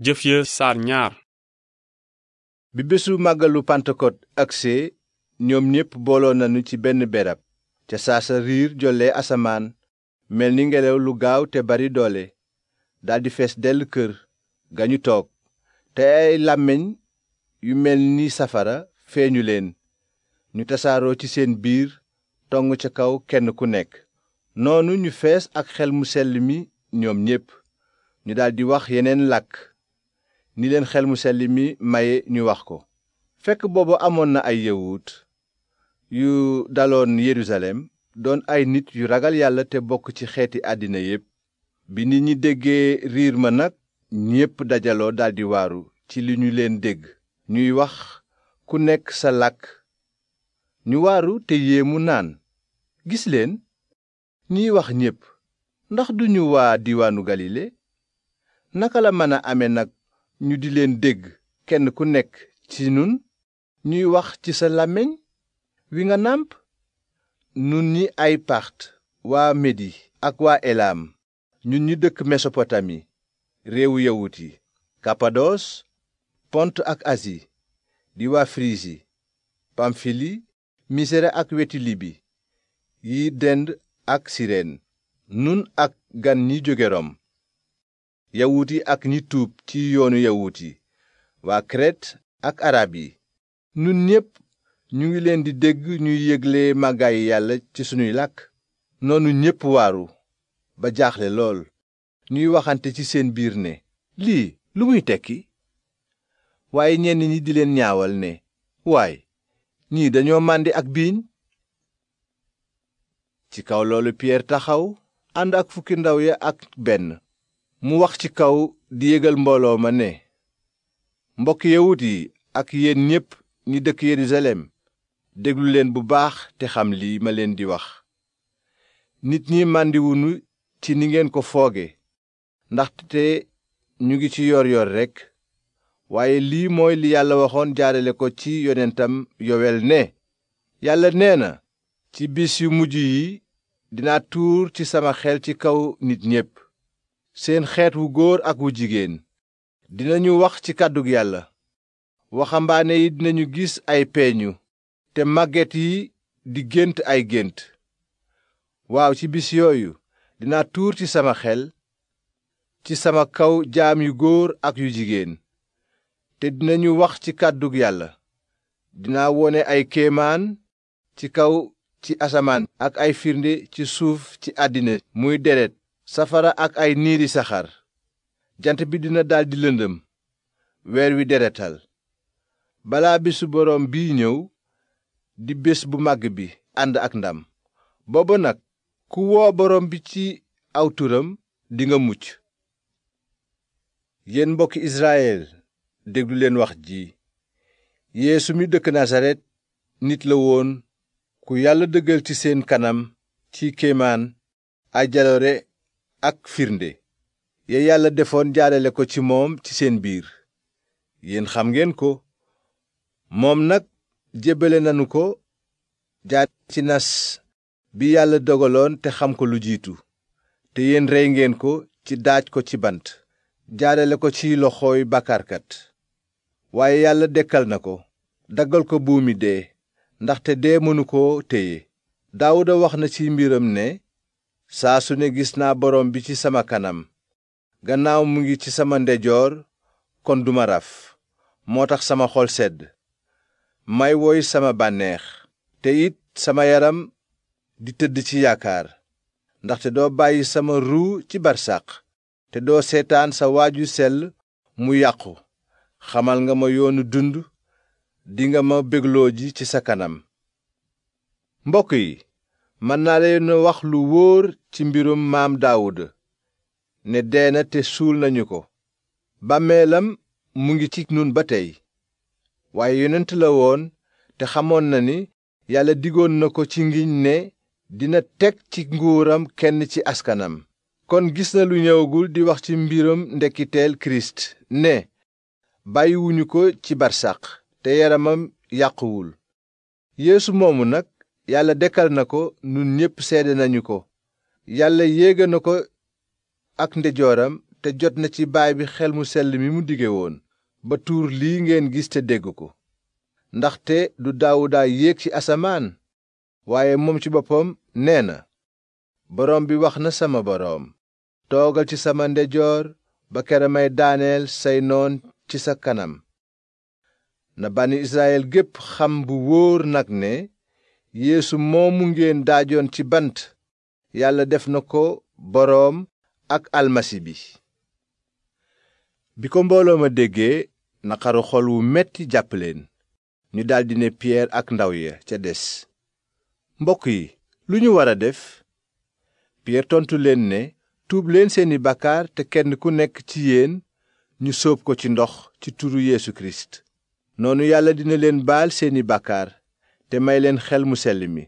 jëf ya saar ñaar bi bésu màggalu pantekot agsee ñoom ñépp booloo nañu ci benn berab ca saasa riir jollee asamaan mel ni ngelaw lu gaaw te bari doole daldi fees dell kër gañu toog te ay làmmiñ yu mel ni safara feeñu leen ñu tasaaroo ci seen biir tong ca kaw kenn ku nekk noonu ñu fees ak xel mu sell mi ñoom ñépp ñu daldi wax yeneen làkk ni leen xel mu selli mi maye ñu wax ko fekk boobu amoon na ay yawut yu daloon Yerusalem doon ay nit yu ragal yàlla te bokk ci xeeti àddina yépp bi nit ñi déggee riir ma nag ñépp dajaloo daldi waaru ci li ñu leen dégg ñuy wax ku nekk sa làkk ñu waaru te mu naan gis leen ñiy wax ñépp ndax du ñu waa diwaanu Galile naka la mën a ame nag ñu di leen dégg kenn ku nekk ci nun ñuy wax ci sa làmmiñ wi nga nàmp nun ñi ay part waa medi ak waa elaam ñun ñi dëkk mesopotami réewu yawut yi kapados pont ak asi di waa firisi pamfili misere ak weti libi yi dend ak sireen nun ak gan ñi jóge Rom yawut yi ak ñi tuub ci yoonu yawut yi waa Kret ak arab yi nun ñépp ñu ngi leen di dégg ñuy yégle màggaayu yàlla ci sunuy làkk noonu ñépp waaru ba jaaxle lool ñuy waxante ci seen biir ne lii lu muy tekki waaye ñenn ñi di leen ñaawal ne waay ñii dañoo màndi ak biiñ ci kaw loolu piyeer taxaw ànd ak fukki ndaw ya ak benn mu wax ci kaw di yëgal mbooloo ma ne mbokk yawut yi ak yéen ñépp ñi dëkk yerusalem déglu leen bu baax te xam lii ma leen di wax nit ñi màndiwuñu ci ni ngeen ko fooge ndaxte ñu ngi ci yoor yoor rekk waaye lii mooy li yàlla waxoon jaarale ko ci yonentam yowel ne yàlla nee na ci bis yu mujj yi dinaa tuur ci sama xel ci kaw nit ñépp seen xeet wu góor ak wu jigéen dinañu wax ci kàddug yàlla waxambaane yi dinañu gis ay peeñu te màgget yi di gént ay gént waaw ci bis yooyu dina tuur ci sama xel ci sama kaw jaam yu góor ak yu jigéen te dinañu wax ci kàddug yàlla dinaa wone ay kéemaan ci kaw ci asamaan ak ay firnde ci suuf ci àddina muy deret safara ak ay niiri saxaar jant bi dina daldi lëndëm weer wi deretal balaa bisu boroom bii ñëw di bés bu màgg bi ànd ak ndam booba nag ku woo boroom bi ci aw turam dinga mucc yéen mbokki Israël déglu leen wax ji yéesu mi dëkk Nasaret nit la woon ku yàlla dëggal ci seen kanam ci kéemaan ay jaloore ak firnde ya yàlla defoon jaarale ko ci moom ci seen biir yéen xam ngeen ko moom nag jébbale nanu ko jaar ci nas bi yàlla dogaloon te xam ko lu jiitu te yéen rey ngeen ko ci daaj ko ci bant jaarale ko ci loxooy bàkkaarkat waaye yàlla dekkal na ko daggal ko buumi dee ndaxte dee mënu ko téye daawuda wax na ci mbiram ne saa su ne gis naa borom bi ci sama kanam gannaaw mu ngi ci sama ndejoor kon du ma raf moo tax sama xol sedd may woy sama bànneex te it sama yaram di tëdd ci yaakaar ndaxte doo bàyyi sama ruu ci barsàq te doo seetaan sa waaju sell mu yàqu xamal nga ma yoonu dund dinga ma bégloo ji ci sa kanam mbokk yi mën naa leen wax lu wóor ci mbirum maam Daawuda ne dee na te suul nañu ko bàmmeelam mu ngi ci nun ba tey waaye yonent la woon te xamoon na ni yàlla diggoon na ko ci ngiñ ne dina teg ci nguuram kenn ci askanam kon gis na lu ñëwagul di wax ci mbiram ndekkiteel kirist ne bàyyiwuñu ko ci barsàq te yaramam yàquwul yàlla dekkal na ko nun ñépp seede nañu ko yàlla yéega na ko ak ndejooram te jot na ci baay bi xel mu sell mi mu dige woon ba tuur lii ngeen gis te dégg ko ndaxte du daawudaa yéeg ci asamaan waaye moom ci boppam nee na boroom bi wax na sama boroom toogal ci sama ndejoor ba kere may daaneel say noon ci sa kanam na bànni Israyil gépp xam bu wóor nag ne yéesu moomu ngeen daajoon ci bant yàlla def na ko boroom ak almasi bi bi ko mbooloo ma déggee naqaru xol wu metti jàpp leen ñu daldi ne piyeer ak ndaw ya ca des mbokk yi lu ñu war a def piyeer tontu leen ne tuub leen seeni bàkkaar te kenn ku nekk ci yéen ñu soob ko ci ndox ci turu yeesu kirist noonu yàlla dina leen baal seeni bàkkaar te may leen xel mu selli mi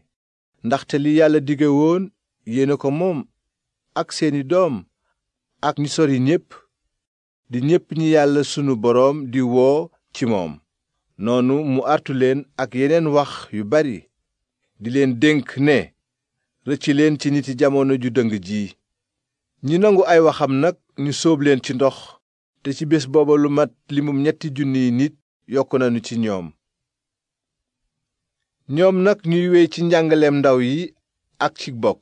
ndaxte li yàlla digge woon yéena ko moom ak seeni doom ak ñi sori ñépp di ñépp ñi yàlla sunu boroom di woo ci moom noonu mu artu leen ak yeneen wax yu bari di leen dénk ne rëcci leen ci niti jamono ju dëng ji ñi nangu ay waxam nag ñu sóob leen ci ndox te ci bés booba lu mat limum ñetti junniy nit yokk nañu ci ñoom ñoom nag ñuy wéy ci njàngaleem ndaw yi ak ci bokk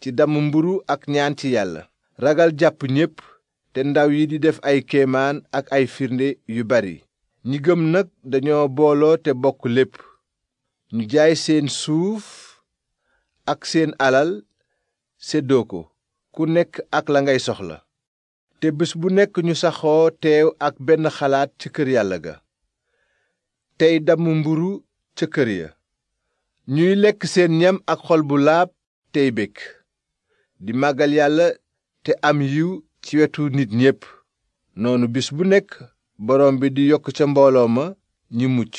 ci damm mburu ak ñaan ci yàlla ragal jàpp ñépp te ndaw yi di def ay kéemaan ak ay firnde yu bari ñi gëm nag dañoo booloo te bokk lépp ñu jaay seen suuf ak seen alal seddoo ko ku nekk ak la ngay soxla te bés bu nekk ñu saxoo teew ak benn xalaat ci kër yàlla ga tey damm mburu ca kër ya ñuy lekk seen ñam ak xol bu laab tey bég di màggal yàlla te am yiw ci wetu nit ñépp noonu bis bu nekk borom bi di yokk ca mbooloo ma ñi mucc